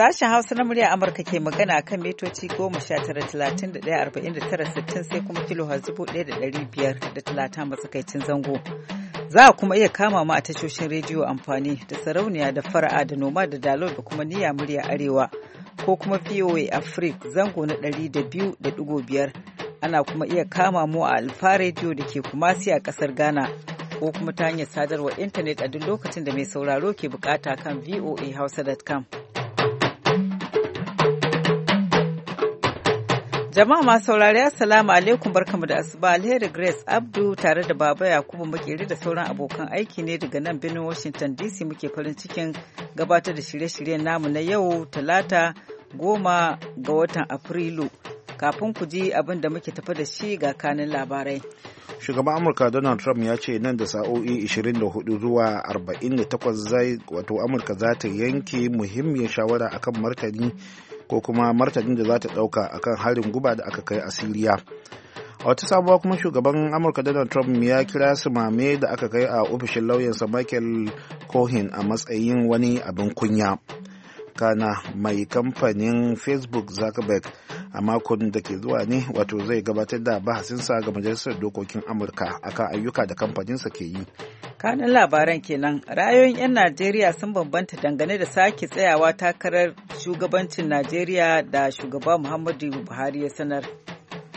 Sashen Hausa na murya Amurka ke magana kan mitoci tara sittin sai kuma kilo da biyar da talata matsakaicin zango. Za a kuma iya kama mu a tashoshin rediyo amfani da sarauniya da fara'a da noma da dalo da kuma niyya murya arewa ko kuma VOA Africa zango na ɗari da da biyu biyar ana kuma iya kama mu a alfa rediyo da ke kumasi a kasar Ghana ko kuma ta hanyar sadarwar intanet a duk lokacin da mai sauraro ke bukata kan voa voahausa.com. Jama'a masu saurari Assalamu alaikum barkamu da asuba alheri Grace Abdu tare da Baba Yakubu Makeri da sauran abokan aiki ne daga nan birnin Washington DC muke farin cikin gabatar da shirye-shiryen namu na yau Talata goma ga watan Afrilu. Kafin ku ji abin da muke tafi da shi ga kanin labarai. Shugaban Amurka Donald Trump ya ce nan da sa'o'i 24 zuwa 48 wato Amurka za ta yanke muhimmin shawara akan martani ko kuma martanin da za ta ɗauka kan harin guba da aka kai a siriya a wata sabuwa kuma shugaban amurka donald trump ya kira su mame da aka kai a ofishin lauyansa michael cohen a matsayin wani abin kunya kana mai kamfanin facebook zuckerberg a makon da ke zuwa ne wato zai gabatar da bahasinsa ga majalisar dokokin amurka akan ayyuka da kamfaninsa ke yi kanin labaran kenan ra'ayoyin 'yan najeriya sun bambanta dangane da sake tsayawa takarar shugabancin najeriya da shugaba muhammadu buhari ya sanar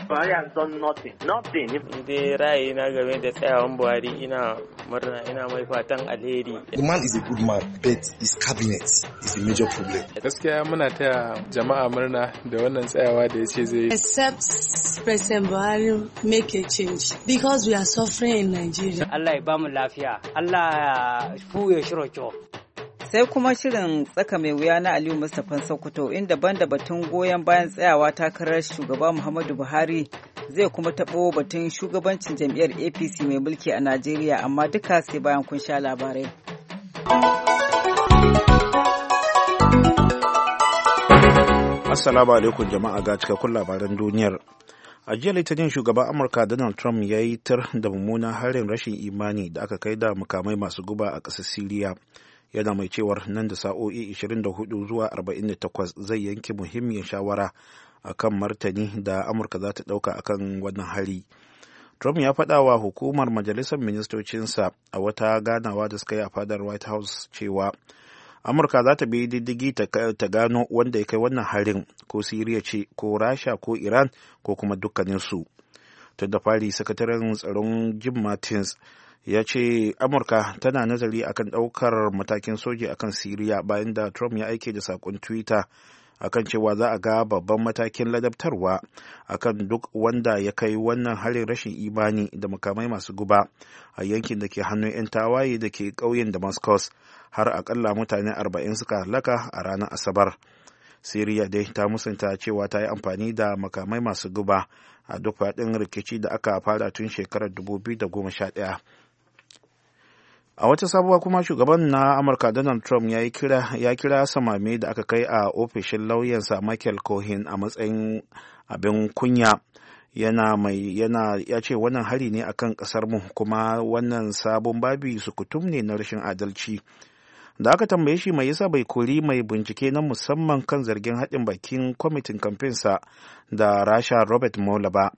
Buhari has nothing. Nothing. Dai ra'ayi na game da tsayawan Buhari ina murna ina mai fatan alheri. The man is a good man, but his cabinet is a major problem. Gaskiya muna taya jama'a murna da wannan tsayawa da ya ce zai. Except President Buhari make a change because we are suffering in Nigeria. Allah ya bamu lafiya. Allah ya fuye shiroko. sai kuma shirin tsaka mai wuya na aliyu mustapha sokoto inda banda batun goyon bayan tsayawa takarar shugaba muhammadu buhari zai kuma taɓo batun shugabancin jam'iyyar apc mai mulki a najeriya amma duka sai bayan kun sha labarai assalamu alaikum jama'a ga cikakkun labaran duniyar a jiya litinin shugaban amurka donald trump ya yi tar da mummunan harin rashin imani da aka kai da mukamai masu guba a ƙasar siriya yana mai cewar nan da sa'o'i 24 zuwa 48 zai yanke muhimmin shawara a kan martani da amurka za ta ɗauka kan wannan hari trump ya faɗa wa hukumar majalisar ministocinsa a wata ganawa da suka yi a fadar white house cewa amurka za ta bi diddigi ta gano wanda ya kai wannan harin ko siriya ce ko rasha ko iran ko kuma dukkaninsu. tun da fari sakataren tsaron jim martins ya ce amurka tana nazari akan daukar matakin soji akan siriya bayan da trump ya aike da sakon twitter akan cewa za a ga babban matakin ladabtarwa akan duk wanda ya kai wannan harin rashin imani da makamai masu guba a yankin da ke hannun 'yan tawaye da ke ƙauyen damascus har akalla mutane 40 suka halaka a ranar asabar. siriya dai ta musanta cewa ta yi amfani da makamai masu guba a duk faɗin rikici da aka fara tun shekarar 2011 a wata sabuwa kuma shugaban na amurka donald trump ya kira, samami da aka kai a ofishin lauyansa michael cohen a matsayin abin kunya yana ya ce wannan hari ne akan kasar mu kuma wannan sabon babi sukutum ne na rashin adalci da aka tambaye shi mai yasa bai kori mai bincike na musamman kan zargin haɗin bakin kwamitin kamfensa da rasha robert mola ba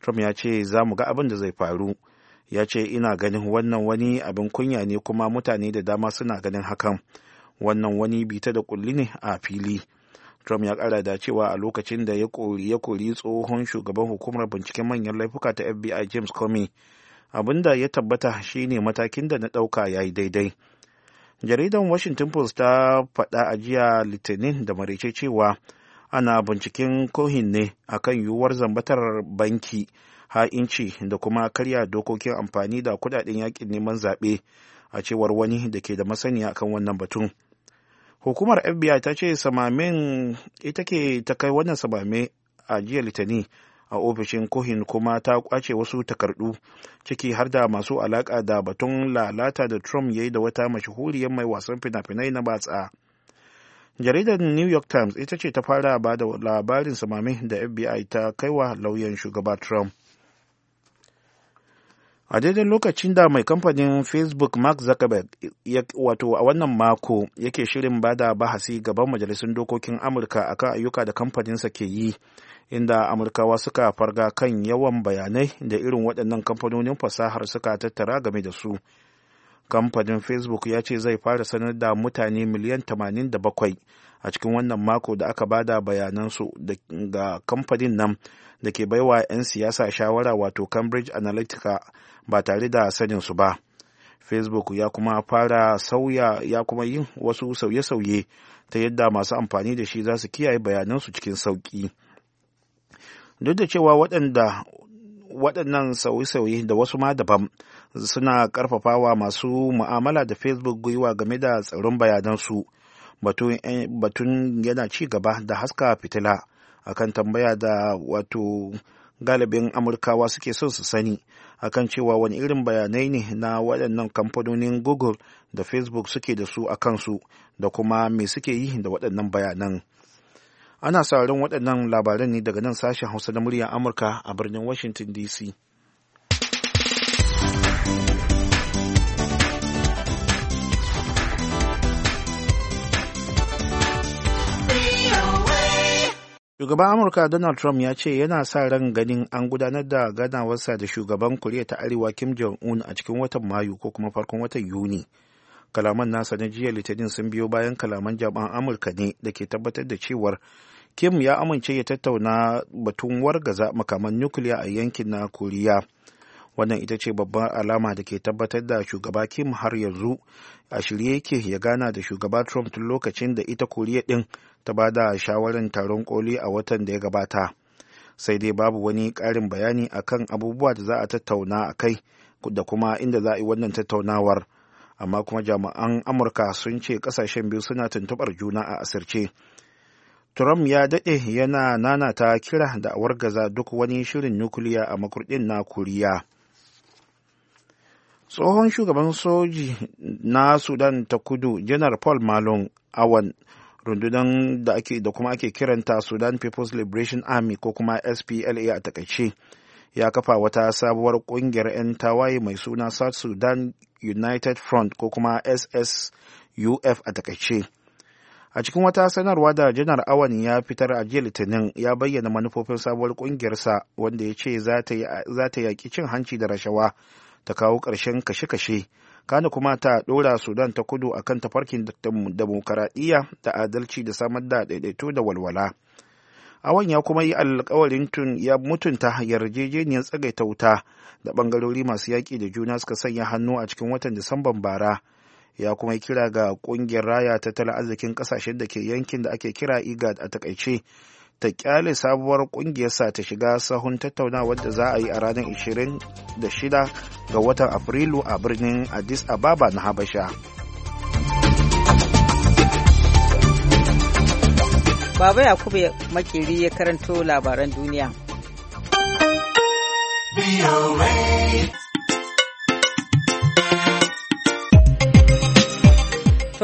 trump ya ce za mu ga abin da zai faru ya ce ina ganin wannan wani abin kunya ne kuma mutane da dama suna ganin hakan wannan wani bita da kulli ne a fili trump ya kara da cewa a lokacin da ya kori ya kori tsohon shugaban hukumar binciken manyan laifuka ta fbi james comey abin da ya tabbata shine matakin da na ɗauka ya yi daidai jaridan washington post ta faɗa a jiya litinin da maraice cewa ana binciken kohin ne a kan yiwuwar zambatar banki ha'inci da kuma karya dokokin amfani da kudaden yakin neman zaɓe a cewar wani da ke da masaniya akan wannan batun hukumar fbi ta ce samamin ita ke ta kai wannan samame a jiya litinin a ofishin cohen kuma ta kwace wasu takardu ciki har da masu alaka da batun lalata da trump ya yi da wata mashahuriyar mai wasan fina-finai na batsa jaridar new york times ita ce ta fara ba da labarin samami da fbi ta kaiwa lauyan shugaba trump a daidai lokacin da mai kamfanin facebook mark zuckerberg wato a wannan mako yake shirin bada bahasi gaban majalisun dokokin amurka akan ayyuka da kamfaninsa ke yi inda amurkawa suka farga kan yawan bayanai da irin waɗannan kamfanonin fasahar suka tattara game da su kamfanin facebook ya ce zai fara sanar da mutane miliyan 87 a cikin wannan mako da aka bada bayanansu ga kamfanin nan da ke baiwa 'yan siyasa shawara wato cambridge analytica ba tare da saninsu ba facebook ya kuma fara sauya ya kuma yin wasu sauye-sauye ta yadda masu amfani da shi za su kiyaye bayanansu cikin sauƙi. duk da cewa waɗanda waɗannan sauye-sauye da wasu ma daban suna ƙarfafawa masu mu'amala da facebook gwiwa game da tsaron bayanansu batun yana ci gaba da haska fitila akan tambaya da wato galibin amurkawa suke son su sani akan cewa wani irin bayanai ne na waɗannan kamfanonin google da facebook suke da su a kansu da kuma me suke yi da waɗannan bayanan. ana sauraron waɗannan labaran ne daga nan sashen hausa na muryar amurka a birnin washington dc shugaban amurka donald trump ya ce yana sa ran ganin an gudanar da ganawarsa da shugaban koriya ta arewa kim jong-un a cikin watan mayu ko kuma farkon watan yuni kalaman nasa na jiya litinin sun biyo bayan kalaman jami'an amurka ne da ke tabbatar da cewar kim ya amince ya tattauna batun wargaza makaman nukiliya a yankin na koriya wannan ita ce babbar alama da ke tabbatar da shugaba kim har yanzu a shirye yake ya gana da shugaba trump tun lokacin da ita koriya din ta ba da shawarar taron koli a watan da ya gabata sai dai babu wani karin bayani akan abubuwa da za a tattauna a kai da kuma inda za a yi wannan tattaunawar amma kuma jami'an amurka sun ce kasashen biyu suna tuntuɓar juna a asirce Trump ya daɗe yana nanata kira da awar gaza duk wani shirin nukiliya a makurɗin na Koriya. Tsohon shugaban soji na Sudan ta kudu, Janar Paul Malon Awan, rundunar da ake da kuma ake kiranta Sudan People's Liberation Army ko kuma SPLA a takaice, ya kafa wata sabuwar ƙungiyar 'yan tawaye mai suna South Sudan United Front ko kuma SSUF a takaice. a cikin wata sanarwa da janar awan ya fitar a jiya litinin ya bayyana manufofin sabuwar kungiyarsa wanda ya ce za ta yaƙi cin hanci da rashawa ta kawo ƙarshen kashe-kashe kana kuma ta ɗora sudan ta kudu a kan tafarkin dimokuraɗiyya da adalci da samar da ɗaiɗaito da walwala awan ya kuma yi alkawarin tun ya mutunta yarjejeniyar tsagaita wuta da ɓangarori masu yaƙi da juna suka sanya hannu a cikin watan disamban bara ya kuma kira ga kungiyar raya tattalin arzikin kasashen da ke yankin da ake kira igad a takaice ta kyale sabuwar kungiyarsa ta shiga sahun tattaunawar da za a yi a ranar 26 ga watan afrilu a birnin addis ababa na habasha baba yakubu makeri ya karanto labaran duniya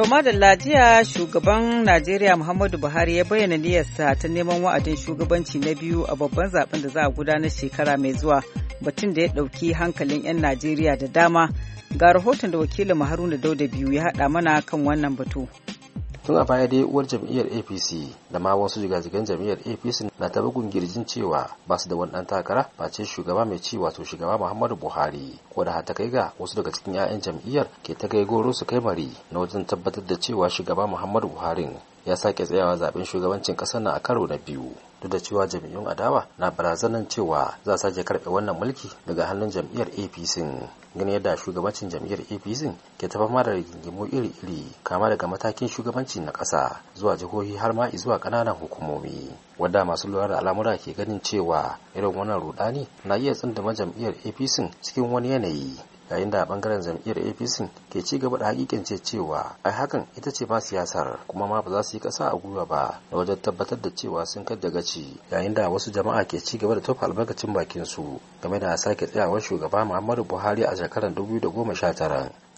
To madalla jiya shugaban Najeriya Muhammadu Buhari ya bayyana niyyarsa ta neman wa'adin shugabanci na biyu a babban zaben da za a gudanar shekara mai zuwa batun da ya ɗauki hankalin 'yan Najeriya da dama ga rahoton da wakilin Haruna Dauda biyu ya haɗa mana kan wannan batu. tun a baya dai uwar jam'iyyar apc da ma wasu jigajigan jam'iyyar apc na ta bugun girjin cewa ba su da wani dan takara ba ce shugaba mai ci wato shugaba muhammadu buhari ko da ta kai ga wasu daga cikin 'ya'yan jam'iyyar ke ta kai goro su kai mari na wajen tabbatar da cewa shugaba muhammadu buhari ya sake tsayawa zaben shugabancin ƙasar na a karo na biyu duk da cewa jam'iyyun adawa na barazanan cewa za su sake karbe wannan mulki daga hannun jam'iyyar apc ganin yadda shugabancin jam'iyyar apc ke ta fama da rigingimu iri-iri kama daga matakin shugabanci na ƙasa zuwa jihohi har ma zuwa ƙananan hukumomi wadda masu lura da al'amura ke ganin cewa irin wannan rudani na iya tsindama jam'iyyar apc cikin wani yanayi yayin da bangaren jam'iyyar apc ke ci gaba da hakikance cewa ai hakan ita ce ba siyasar kuma ma ba za su yi kasa a gwiwa ba da wajen tabbatar da cewa sun kadda gaci yayin da wasu jama'a ke ci gaba da tofa albarkacin bakin su game da sake tsayawar shugaba muhammadu buhari a shekarar 2019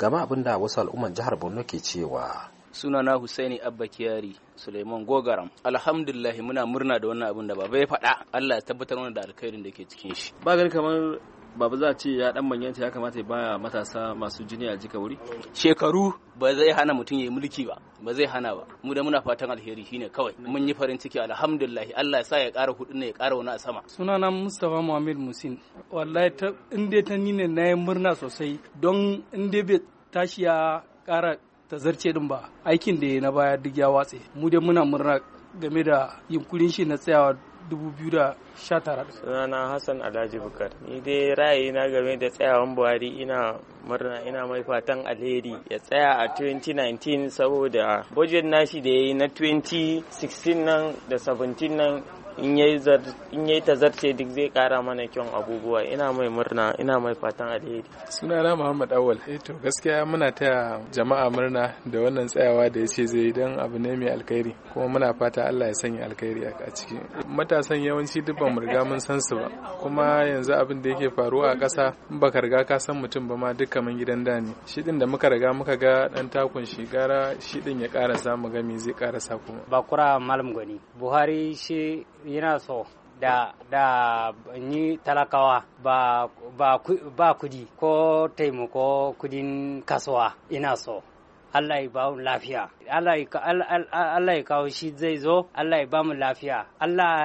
game abin da wasu al'umman jihar borno ke cewa sunana Husaini Abba Kiyari Suleiman Gogaram. Alhamdulillah muna murna da wannan abin da baba ya faɗa. Allah ya tabbatar mana da alkhairin da ke cikin shi. Ba kamar babu za a ce ya dan manyanta ya kamata ya baya matasa masu jini a jika wuri shekaru ba zai hana mutum ya yi mulki ba ba zai hana ba mu da muna fatan alheri shine kawai mun yi farin ciki alhamdulillah Allah ya sa ya ƙara hudu ne ya ƙara wani a sama sunana Mustafa Muhammad Musin wallahi ta in dai ta nine na yi murna sosai don in dai bai tashi ya ƙara tazarce din ba aikin da na baya duk ya watse mu da muna murna game da yunkurin shi na tsayawa 2019 sunana hassan alhaji bukar ni dai ra'ayi na game da tsayawan buhari ina murna ina mai fatan alheri ya tsaya a 2019 saboda budget nashi da ya yi na 2016 nan da 17 nan in yayi ta zarce duk zai kara mana kyan abubuwa ina mai murna ina mai fatan alheri suna na muhammad awal eh to gaskiya muna ta jama'a murna da wannan tsayawa da ya ce zai dan abu ne mai alkhairi kuma muna fata allah ya sanya alkhairi a ciki matasan yawanci duk ba riga mun san su ba kuma yanzu abin da yake faruwa a ƙasa in baka riga ka san mutum ba ma duka kaman gidan da ne shi din da muka riga muka ga dan takun shi gara shi din ya karasa mu ga me zai karasa kuma bakura malam gani buhari shi yana so da da ni talakawa ba ba, ba kudi ko taimako kudin kasuwa ina so Allah ya ba mu lafiya Allah ya kawo shi zai zo Allah ya ba mu lafiya Allah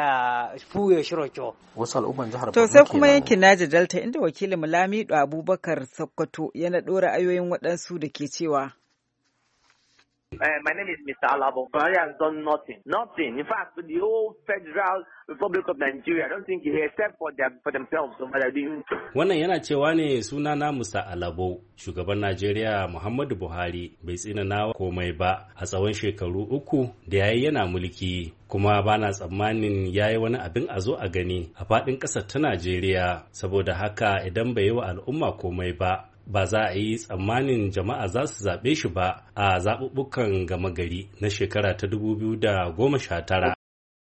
ya fuye shiroko wasu al'umman jihar to sai kuma yankin Naja Delta inda wakilin Lamido Abubakar Sokoto yana dora ayoyin waɗansu da ke cewa Uh, my name is Mr. Alabo. I has done nothing. Nothing. In fact, the whole Federal Republic of Nigeria, I don't think he except for them for themselves. Wannan yana cewa ne suna na Musa Alabo, shugaban Najeriya Muhammadu Buhari bai tsinana komai ba a tsawon shekaru uku da yayi yana mulki. kuma bana tsammanin ya yi wani abin a zo a gani a faɗin ƙasar ta Najeriya saboda haka idan bai yi wa al'umma komai ba ba za a yi tsammanin jama'a za su zaɓe shi ba a zaɓuɓɓukan gama gari na shekara ta 2019.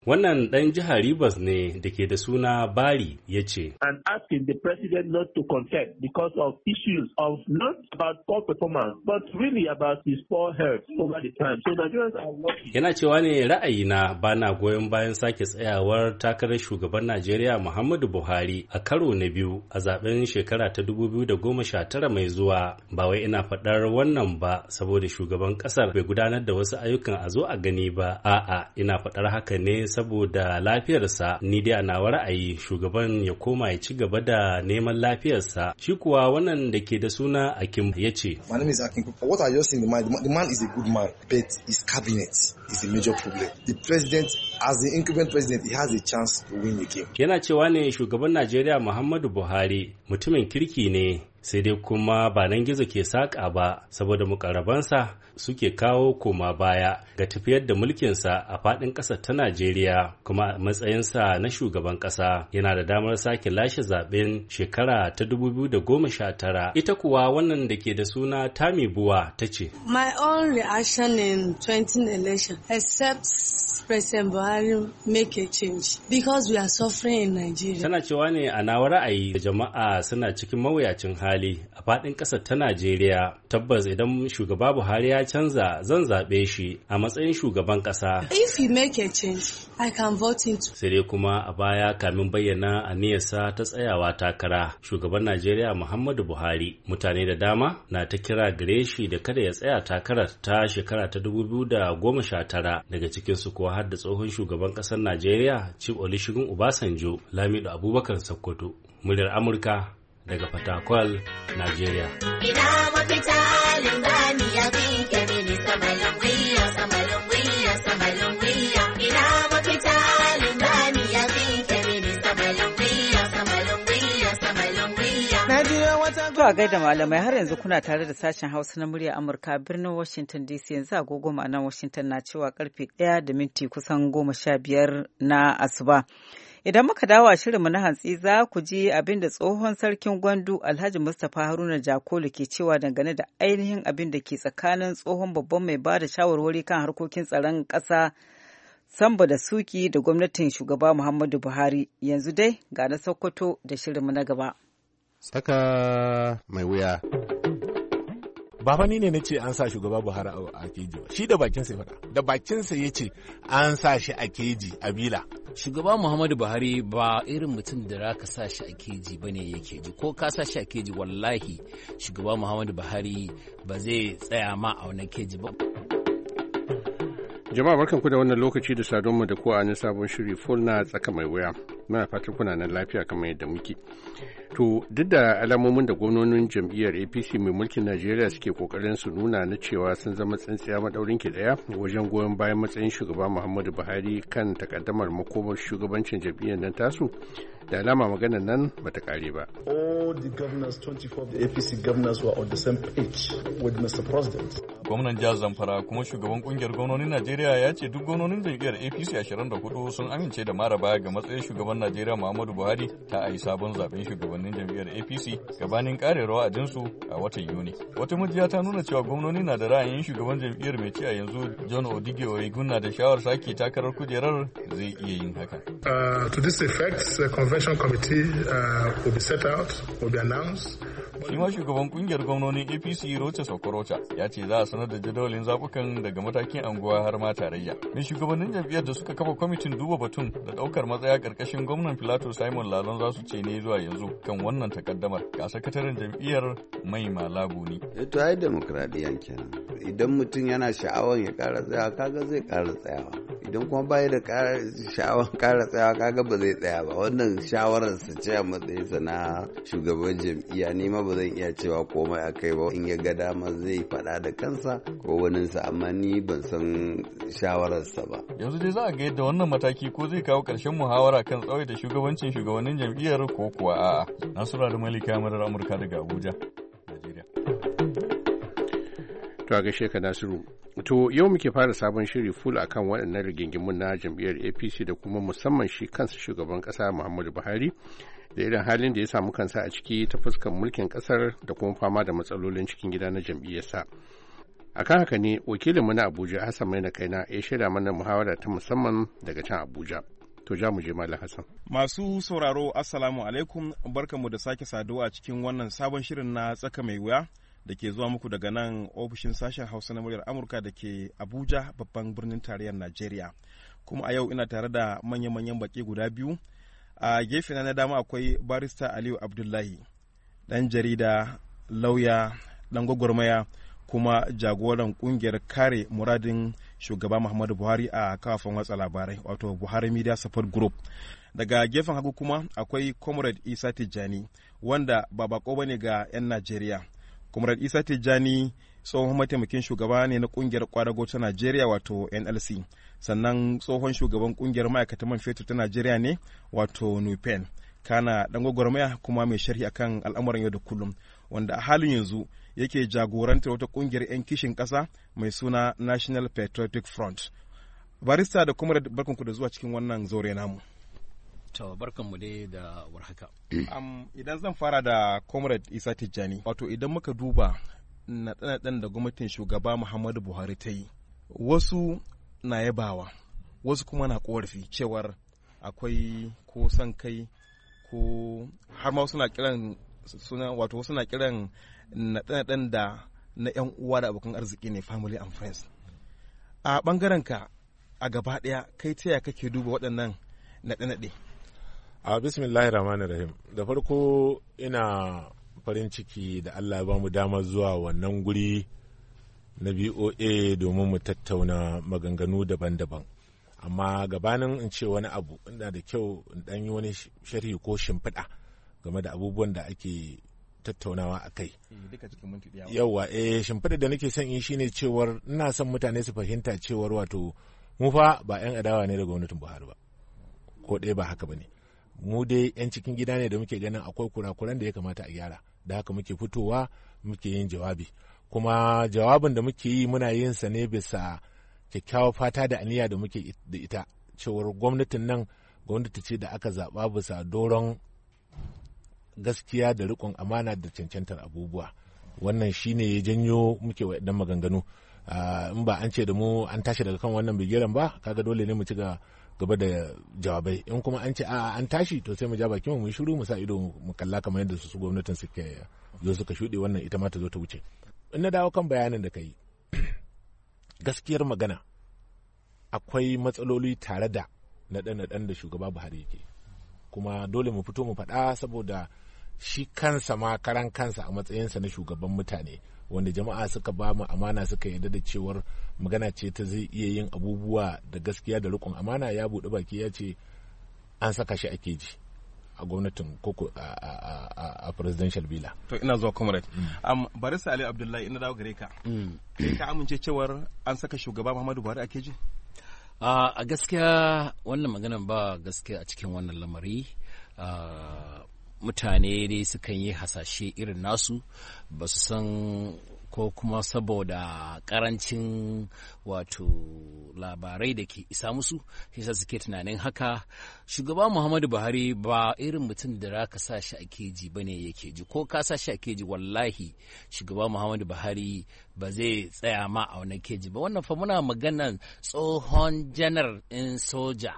Wannan ɗan jihar Rivers ne da ke da suna Bari ya ce. And asking the president not to contest because of issues of not about poor performance but really about his poor health over the time. So Nigerians are Yana cewa ne ra'ayina ba na goyon bayan sake tsayawar takarar shugaban Najeriya Muhammadu Buhari a karo na biyu a zaben shekara ta da goma sha tara mai zuwa. Ba wai ina faɗar wannan ba saboda shugaban ƙasar bai gudanar da wasu ayyukan a zo a gani ba. A'a ina faɗar haka ne saboda lafiyarsa ni dai nawa ra'ayi shugaban ya koma ya ci gaba da neman lafiyarsa shi kuwa wannan da ke da suna akim ya ce my name is akim what i just in the man the man is a good man but his cabinet is the major problem the president as the incumbent president he has a chance to win the game yana cewa ne shugaban najeriya muhammadu buhari mutumin kirki ne sai dai kuma ba nan gizo ke saƙa ba saboda mukarabansa suke kawo koma baya ga tafiyar da mulkinsa a faɗin ƙasar ta Najeriya kuma a matsayinsa na shugaban ƙasa yana da damar sake lashe zaben shekara ta 2019 ita kuwa wannan da ke da suna Tami Buwa ta ce. My own reaction in 20 except President Buhari make a change because we are suffering in Nigeria. Tana cewa ne a nawa ra'ayi da jama'a suna cikin mawuyacin hali a faɗin ƙasa ta Najeriya. Tabbas idan shugaba Buhari ya canza zan zaɓe shi a matsayin shugaban ƙasa. If he make a change, I can vote him. Sai dai kuma a baya kamin bayyana aniyarsa ta tsayawa takara shugaban Najeriya Muhammadu Buhari. Mutane da dama na ta kira gare shi da kada ya tsaya takarar ta shekara ta 2019 daga cikinsu kuwa har da tsohon shugaban ƙasar najeriya chief olusegun obasanjo lamido abubakar sokoto muryar amurka daga fatakwal najeriya ina mafita ya Zuwa a gaida malamai har yanzu kuna tare da sashen Hausa na murya Amurka birnin Washington DC yanzu agogo ma'anar Washington na cewa karfe 1 da minti kusan 15 na asuba. Idan muka dawo a shirinmu na hantsi za ku ji abin da tsohon sarkin gwandu Alhaji Mustapha Haruna Jakolo ke cewa dangane da ainihin abin da ke tsakanin tsohon babban mai ba da shawarwari kan harkokin tsaron ƙasa Samba da Suki da gwamnatin shugaba Muhammadu Buhari yanzu dai ga na Sokoto da shirinmu na gaba. Saka mai wuya. Ba fa ni ne na ce an sa shugaba Buhari a keji ba. Shi da bakinsa ya faɗa. Da bakinsa ya ce an sa shi a keji a bila. Shugaba Muhammadu Buhari ba irin mutum da ka sa shi a keji ba ne ya keji ko ka sa shi a keji wallahi shugaba Muhammadu Buhari ba zai tsaya ma a wani keji ba. Jama'a barkanku da wannan lokaci da sadonmu da kowa na sabon shiri full na tsaka mai wuya. Muna fatan kuna nan lafiya kamar yadda muke. To duk da alamomin da gwamnonin jam'iyyar APC mai mulkin Najeriya suke kokarin su nuna na cewa sun zama tsintsiya madaurin ki daya wajen goyon bayan matsayin shugaba Muhammadu Buhari kan takaddamar makomar shugabancin jam'iyyar nan tasu da alama maganar nan bata kare ba. All the governors 24 of the APC governors were on the same page with Mr. President. Gwamnan jihar Zamfara kuma shugaban kungiyar gwamnonin Najeriya ya ce duk gwamnonin jam'iyyar APC 24 sun amince da mara baya ga matsayin shugaban Najeriya Muhammadu Buhari ta a yi sabon zaben shugabannin jam'iyyar APC gabanin rawa a jinsu a watan Yuni. Wata majiya ta nuna cewa gwamnoni na da ra'ayin shugaban jam'iyyar mai ci a yanzu John Odige Oyegunna da shawar sake takarar kujerar zai iya yin haka. Uh, to Shi ma shugaban kungiyar gwamnonin APC Rocha Sokorocha ya ce za a sanar da jadawalin zabukan daga matakin anguwa har ma tarayya. Mai shugabannin jam'iyyar da suka kafa kwamitin duba batun da daukar matsaya karkashin gwamnan Filato Simon Lalon za su ce ne zuwa yanzu kan wannan takaddamar. Ga sakataren jam'iyyar Mai Malabu ne. Eh, Ita ai demokradiyan kenan. Idan mutum yana sha'awar ya kara tsayawa kaga zai kara tsayawa. idan kuma baya da sha'awar kara tsayawa kaga ba zai tsaya ba wannan shawarar su ce a matsayinsa na shugaban jam'iyya ni ma ba zan iya cewa komai a kai ba in ya ga dama zai faɗa da kansa ko sa amma ni ban san shawararsa ba yanzu dai za a ga yadda wannan mataki ko zai kawo ƙarshen muhawara kan da shugabancin shugabannin jam'iyyar ko kuwa a'a nasura da malika madar amurka daga abuja To a gaishe ka Nasiru. To yau muke fara sabon shiri full akan waɗannan rigingimun na jam'iyyar APC da kuma musamman shi kansa shugaban ƙasa Muhammadu Buhari da irin halin da ya samu kansa a ciki ta fuskar mulkin ƙasar da kuma fama da matsalolin cikin gida na jam'iyyarsa. A kan haka ne wakilinmu na Abuja Hassan kai na ya shirya mana muhawara ta musamman daga can Abuja. to ja mu je Malam Hassan. Masu sauraro Assalamu alaikum barkamu da sake saduwa a cikin wannan sabon shirin na tsaka mai wuya da ke zuwa muku daga nan ofishin sashen hausa na muryar amurka da ke abuja babban birnin tarayyar najeriya kuma a yau ina tare da manya-manyan baki guda biyu a gefe na dama akwai barista aliyu abdullahi dan jarida lauya dan gwagwarmaya kuma jagoran kungiyar kare muradin shugaba muhammadu buhari a kafin watsa labarai wato buhari media support group daga gefen hagu kuma akwai comrade isa tijjani wanda ba bako ba ne ga 'yan najeriya Comrade Isa Tijjani tsohon mataimakin shugaba ne na kungiyar kwadago ta Najeriya wato NLC sannan tsohon shugaban kungiyar ma'aikatan man fetur ta Najeriya ne wato NUPEN kana dan gwagwarmaya kuma mai sharhi akan al'amuran yau da kullum wanda a halin yanzu yake jagorantar wata kungiyar 'yan kishin ƙasa mai suna National Patriotic Front. Barista da kuma barkanku da zuwa cikin wannan zaure namu. To dai da warhaka. idan zan fara da Comrade Isa Tijjani, wato idan muka duba na da gwamnatin shugaba Muhammadu Buhari ta yi, wasu na yabawa, wasu kuma na korafi cewar akwai ko son kai ko har ma suna kiran suna wato suna kiran na da na 'yan uwa da abokan arziki ne family and friends. A ɓangaren ka a gaba ɗaya kai ta kake duba waɗannan naɗe-naɗe? a bismillahir rahmanir rahim da farko ina farin ciki da allah ya bamu damar zuwa wannan guri na boa domin mu tattauna maganganu daban-daban amma gabanin in ce wani abu ina da kyau in dan yi wani sharhi ko shimfiɗa game da abubuwan da ake tattaunawa a kai eh, yauwa eh shimfiɗa da nake son yi shine cewar ina son mutane su fahimta cewar wato mu ba 'yan adawa ne da gwamnatin buhari ba ko ɗaya ba haka ba ne mu dai 'yan cikin gida ne da muke ganin akwai kurakuran da ya kamata a gyara da haka muke fitowa muke yin jawabi kuma jawabin da muke yi muna yin sa ne bisa kyakkyawar fata da aniya da muke da ita cewar gwamnatin nan gwamnati ce da aka zaɓa bisa doron gaskiya da rikon amana da cancantar abubuwa wannan shine ya janyo muke wa maganganu ah, in ba an ce da mu an tashi daga kan wannan bigiran ba kaga dole ne mu ci ga gaba da jawabai in kuma an ce a an tashi to sai mu ja bakin mu shiru mu sa ido mu kalla kamar yadda su gwamnatin suke zo suka shuɗe wannan ita ma ta zo ta wuce in na dawo kan bayanin da kai gaskiyar magana akwai matsaloli tare da naɗe-naɗen da shugaba buhari yake kuma dole mu fito mu faɗa saboda shi kansa ma karan kansa a matsayinsa na shugaban mutane wanda jama'a suka ba mu amana suka yarda da cewar magana ce ta zai iya yin abubuwa da gaskiya da rikon amana ya buɗe baki ya ce an saka shi a keji a gwamnatin koko a presidential villa. to ina zuwa comrade um, mm. sa ali abdullahi ina dawo gare ka mm. kai ka amince cewar an saka shugaba muhammadu buhari a keji a gaskiya wannan maganan ba gaskiya a cikin wannan lamari Uh, mutane dai sukan yi hasashe irin nasu ba su san ko kuma saboda karancin wato labarai da ke isa musu yasa suke tunanin haka shugaba muhammadu buhari ba irin mutum da za ka sa shi a keji ba ne yake ji ko ka sa shi a keji wallahi shugaba muhammadu buhari ba zai tsaya ma a wani keji ba wannan fa muna maganan tsohon janar in soja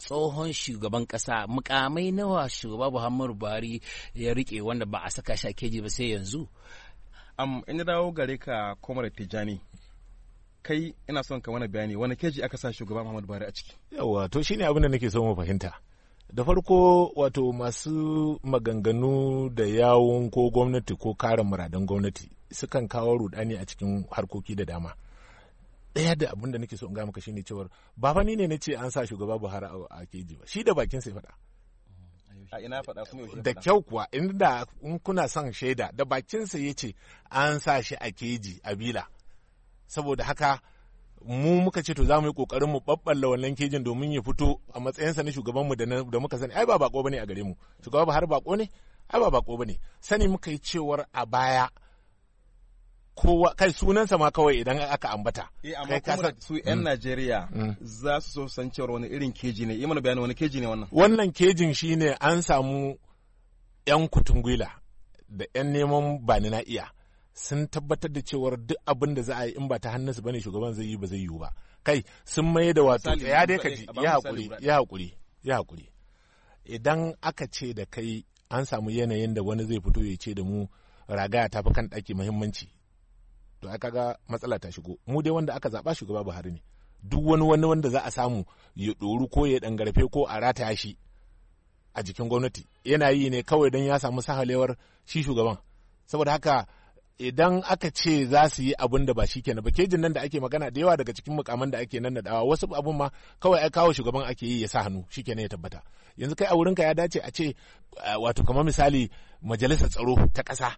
tsohon shugaban kasa mukamai nawa shugaba Muhammadu Buhari ya rike wanda ba a saka shi a keji ba sai yanzu am in dawo gare ka Comrade Tijani kai ina son ka mana bayani wani keji aka sa shugaba Muhammadu Buhari a ciki yawa to shine abin da nake so mu fahimta da farko wato masu maganganu da yawun ko gwamnati ko karin muradan gwamnati sukan kawo rudani a cikin harkoki da dama ɗaya da abin da nake so in ga maka shine cewar ba fa ni ne nace an sa shugaba Buhari a keji ba shi da bakin sai faɗa a ina faɗa kuma yaushe da kyau kuwa inda in kuna son shaida da bakin sa yace an sa shi a keji a bila saboda haka mu muka ce to za mu yi kokarin mu babballa wannan kejin domin ya fito a matsayinsa na mu da da muka sani ai ba bako bane a gare mu shugaba Buhari bako ne ai ba bako bane sani muka yi cewar a baya kowa kai sunansa ma kawai idan aka ambata eh amma kuma su yan mm. Najeriya mm. za su so san cewa wani irin keji ne imanu bayani wani keji ne wannan wannan kejin shine an samu yan kutungwila da yan neman ni na iya sun tabbatar da cewar duk abin da za a yi in ba ta hannunsu bane shugaban zai yi ba zai yi ba kai sun mai da wato ya dai kaji ya hakuri ya hakuri ya hakuri idan aka ce da kai an samu yanayin da wani zai fito ya ce da mu ragaya ta fi kan ɗaki muhimmanci to ai kaga matsala ta shigo mu dai wanda aka zaba shugaba Buhari ne duk wani wani wanda za a samu ya doru ko ya dangarfe ko a rataya shi a jikin gwamnati yana yi ne kawai don ya samu sahalewar shi shugaban saboda haka idan aka ce za su yi abin da ba shi kenan ba kejin nan da ake magana da yawa daga cikin mukaman da ake nan da dawa wasu abun ma kawai ai kawo shugaban ake yi ya sa hannu shi kenan ya tabbata yanzu kai a wurinka ya dace a ce wato kamar misali majalisar tsaro ta ƙasa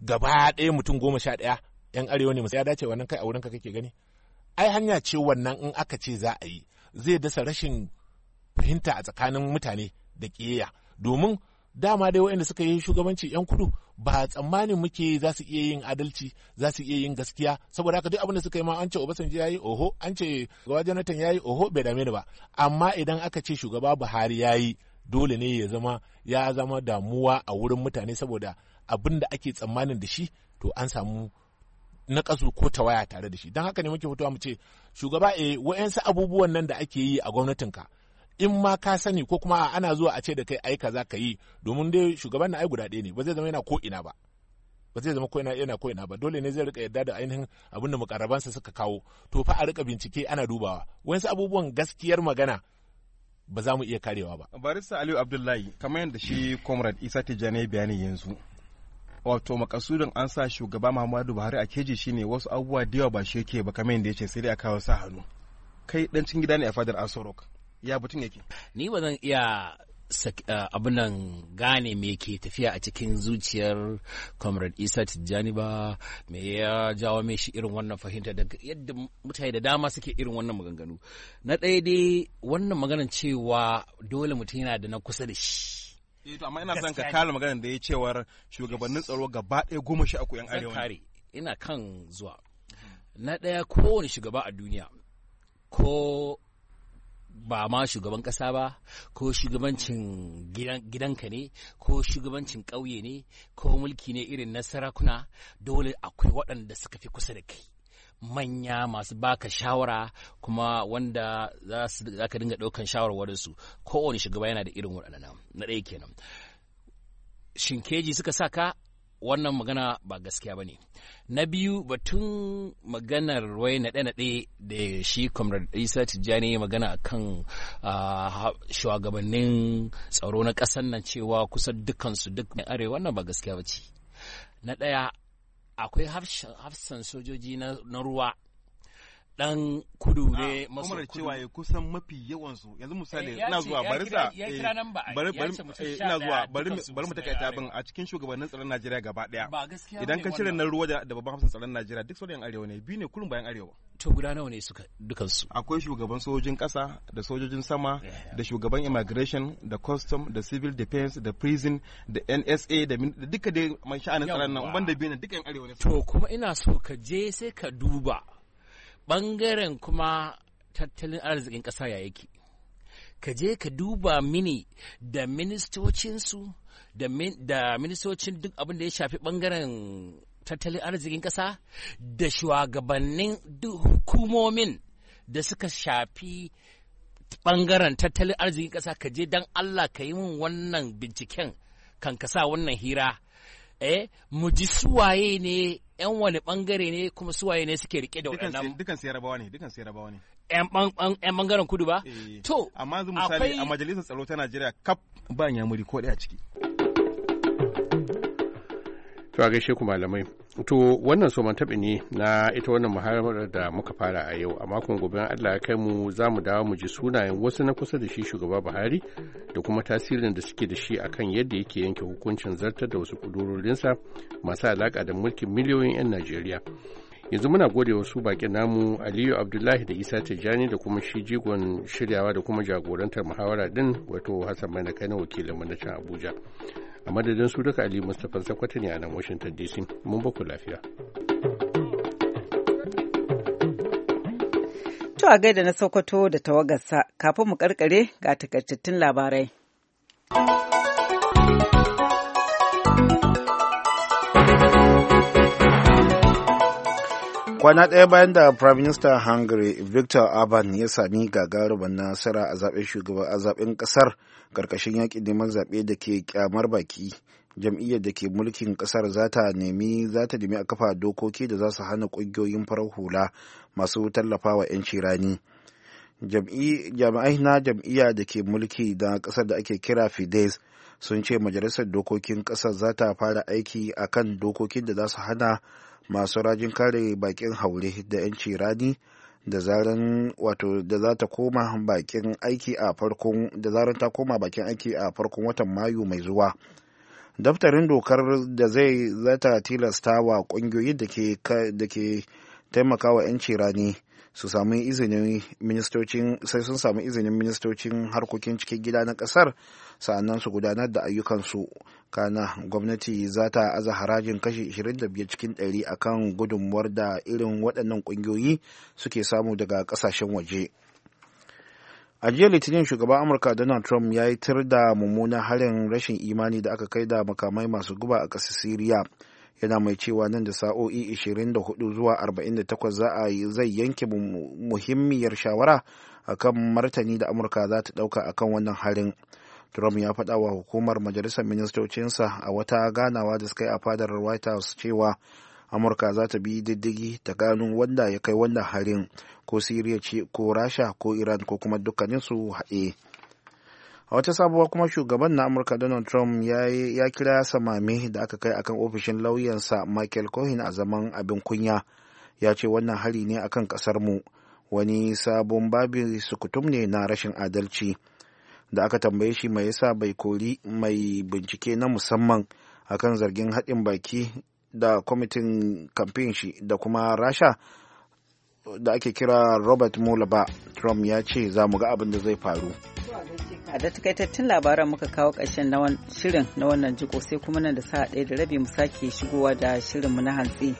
gaba ɗaya mutum goma sha ɗaya yan arewa ne masu. ya dace wannan kai a wurinka kake gani ai hanya ce wannan in aka ce za a yi zai dasa rashin fahimta a tsakanin mutane da ƙiyayya domin dama dai waɗanda suka yi shugabanci 'yan kudu ba tsammanin muke za su iya yin adalci za su iya yin gaskiya saboda haka duk abin da suka yi ma an ce obasanjo ya yi oho an ce gawa jonathan ya yi oho bai dame ni ba amma idan aka ce shugaba buhari ya yi dole ne ya zama ya zama damuwa a wurin mutane saboda abin da ake tsammanin da shi to an samu na ƙasu ko ta waya tare da shi don haka ne muke fitowa mu ce shugaba eh wa'yansu abubuwan nan da ake yi a gwamnatin ka in ma ka sani ko kuma ana zuwa a ce da kai aika za ka yi domin dai shugaban na ai guda ɗaya ne ba zai zama yana ko ina ba ba zai zama ko ina yana ko ina ba dole ne zai rika yarda da ainihin abin da mukarrabansa suka kawo to fa a rika bincike ana dubawa wayansu abubuwan gaskiyar magana ba za mu iya karewa ba barista aliyu abdullahi kamar yadda shi comrade isa tijjani bayani yanzu wato makasudin an sa shugaba muhammadu buhari a keji shine wasu abubuwa da yawa ba shi yake ba kamar yadda ya sai dai aka kawo sa hannu kai dan cin gida ne a fadar asorok ya butun yake ni ba zan iya eh, abin nan gane me ke tafiya a cikin zuciyar comrade isa tijjani ba me ya jawo mai shi irin wannan fahimta daga yadda mutane da dama suke irin wannan maganganu na ɗaya dai wannan maganar cewa dole mutum yana da na kusa da shi eh to amma ina son ka kare maganar da ya cewar shugabannin tsaro gaba ɗaya goma sha uku yan arewa kare ina kan zuwa na ɗaya kowane shugaba a duniya ko ba ma shugaban ƙasa ba ko shugabancin gidanka ne ko shugabancin ƙauye ne ko mulki ne irin na sarakuna dole akwai waɗanda suka fi kusa da kai manya masu baka shawara kuma wanda za ka dinga ɗaukan shawarwarinsu kowane shugaba yana da irin waɗannan na ɗaya kenan shinkeji suka saka wannan magana ba gaskiya bane na biyu batun maganar wai naɗe-naɗe da shi comrade isa tijjani magana kan shugabannin tsaro na ƙasar nan cewa kusan dukansu duk arewa wannan ba gaskiya ba na ɗaya akwai hafsan sojoji na ruwa dan kudu ne ah, maso kudu. cewa ya kusan mafi yawan su yanzu misali eh, ina zuwa bari sa eh, bari bari eh, ina zuwa bari mu takaita bin a cikin shugabannin tsaron Najeriya gaba daya. Idan ka cire nan ruwa da babban hafsan tsaron Najeriya duk sauran arewa ne biyu ne kullum bayan arewa. To guda nawa ne suka dukan su. Akwai shugaban sojojin kasa da sojojin sama da shugaban immigration da custom da civil defense da prison da NSA da duka dai man sha'anin tsaron nan banda biyu ne duka yan arewa ne. To kuma ina so ka je sai ka duba ɓangaren kuma tattalin arzikin ƙasa ya yake ka je ka duba mini da ministocinsu da, ministocin duk abin da ya shafi ɓangaren tattalin arzikin ƙasa da shugabannin hukumomin da suka shafi ɓangaren tattalin arzikin ƙasa ka je don Allah ka yi min wannan binciken kan kasa wannan hira eh mu ji suwaye ne yan wani bangare ne kuma suwaye ne suke rike da waɗannan dukan su yarabawa ne dukan su yarabawa ne yan bangaren kudu ba eh, to amma yanzu misali a majalisar tsaro ta Najeriya kap ba nyamuri ko ɗaya ciki to a gaishe ku malamai to wannan soman tabi ne na ita wannan muharamar da muka fara a yau a makon gobe allah ya kai mu za mu dawo mu ji sunayen wasu na kusa da shi shugaba buhari da kuma tasirin da suke da shi akan yadda yake yanke hukuncin zartar da wasu kudurorinsa masu alaka da mulkin miliyoyin 'yan najeriya yanzu muna gode wasu bakin namu aliyu abdullahi da isa tijjani da kuma shi jigon shiryawa da kuma jagorantar muhawara din wato hassan mai na kai na wakilin na can abuja a madadin su duka ali mustapha sakwata ne a nan washington dc mun baku lafiya To a gaida na Sokoto da tawagarsa kafin mu karkare ga takaitattun labarai. kwana ɗaya bayan da prime minister hungary victor orban ya sami gagarumin nasara a zaben shugaban a zaben ƙasar karkashin yakin neman zaɓe da ke kyamar baki jam'iyyar da ke mulkin ƙasar za ta nemi za ta nemi a kafa dokoki da za su hana ƙungiyoyin farar hula masu tallafa wa 'yanci rani jami'ai na jam'iyya da ke mulki da ƙasar da ake kira fidesz sun ce majalisar dokokin ƙasar za ta fara aiki a kan dokokin da za su hana masu rajin kare bakin haure da 'yanci rani da zaren wato da za ta koma bakin aiki a farkon da zaren ta koma bakin aiki a farkon watan mayu mai zuwa daftarin dokar da zai zata tilasta wa kungiyoyin da ke taimakawa 'yanci rani su samu izinin ministocin sai sun samu izinin ministocin harkokin cikin gida na kasar sa'annan su gudanar da ayyukansu kana gwamnati za ta aza harajin kashi 25 cikin 100 akan gudunmuwar da irin waɗannan ƙungiyoyi suke samu daga ƙasashen waje a jiya litinin shugaban amurka donald trump ya yi tir da mummunan harin rashin imani da aka kai da makamai masu guba a ƙasar siriya yana mai cewa nan da sa'o'i 24 zuwa 48 za a zai yanke muhimmiyar shawara akan martani da amurka za ta ɗauka akan wannan harin Trump ya faɗa wa hukumar majalisar ministocinsa a wata ganawa da suka yi a fadar White House cewa Amurka za ta bi diddigi ta gano wanda ya kai wanda harin ko Siriya ce ko Rasha ko Iran ko kuma dukkaninsu haɗe. A wata sabuwa kuma shugaban na Amurka Donald Trump ya kira samame da aka kai akan ofishin lauyansa Michael Cohen a zaman abin kunya. Ya ce wannan hari ne akan mu wani sabon babi sukutum ne na rashin adalci. da aka tambaye shi mai yasa bai kori mai bincike na musamman akan zargin haɗin baki da kwamitin kamfen shi da kuma rasha da ake kira robert mueller ba trump ya ce za mu ga abin da zai faru a da takaitattun labaran muka kawo ƙarshen na shirin na wannan jiko sai kuma nan da sa'a ɗaya da rabi mu sake shigowa da shirin mu na hantsi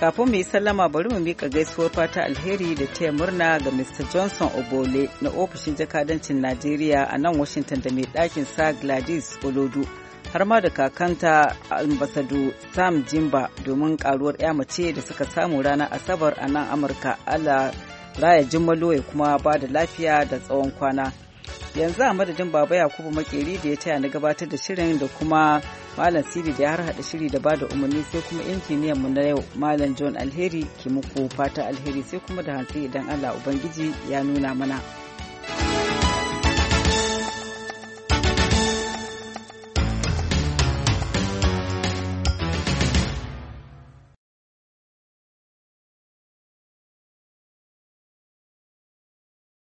kafin mu yi sallama bari mu mika gaisuwar fata alheri da taya murna ga mr johnson obole na ofishin jakadancin najeriya a nan washington da mai ɗakin sa gladys olodu har ma da kakanta ambasado sam jimba domin karuwar ya mace da suka samu ranar asabar a nan amurka ala raya jimmalo ya kuma ba da lafiya da tsawon kwana yanzu a madadin baba yakubu makeri da ya taya na gabatar da shirin da kuma malam sidi da ya har hada shiri da bada umarni sai kuma injiniyan mu na yau malam john alheri ke muku fata alheri sai kuma da hantsi idan allah ubangiji ya nuna mana.